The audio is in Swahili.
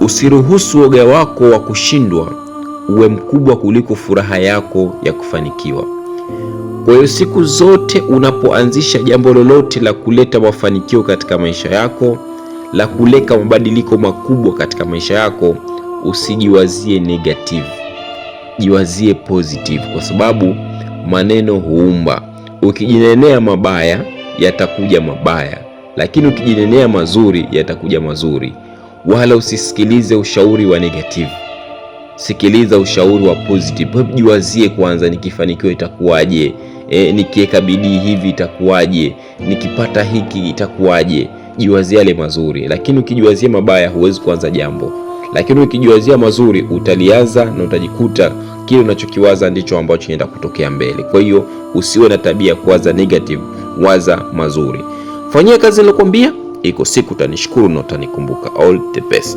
Usiruhusu woga wako wa kushindwa uwe mkubwa kuliko furaha yako ya kufanikiwa. Kwa hiyo siku zote unapoanzisha jambo lolote la kuleta mafanikio katika maisha yako, la kuleka mabadiliko makubwa katika maisha yako, usijiwazie negative, jiwazie positive, kwa sababu maneno huumba. Ukijinenea mabaya yatakuja mabaya, lakini ukijinenea mazuri yatakuja mazuri wala usisikilize ushauri wa negative. Sikiliza ushauri wa positive. Hebu jiwazie kwanza, nikifanikiwa itakuwaje? E, nikiweka bidii hivi itakuwaje? Nikipata hiki itakuwaje? Jiwazie yale mazuri, lakini ukijiwazia mabaya huwezi kuanza jambo, lakini ukijiwazia mazuri utalianza na utajikuta kile unachokiwaza ndicho ambacho kinaenda kutokea mbele. Kwa hiyo usiwe na tabia ya kuwaza negative, waza mazuri. Fanyia kazi nilokuambia iko siku utanishukuru na utanikumbuka. All the best.